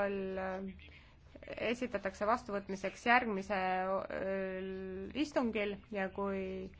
all äh, esitatakse vastuvõtmiseks järgmisel äh, istungil ja kui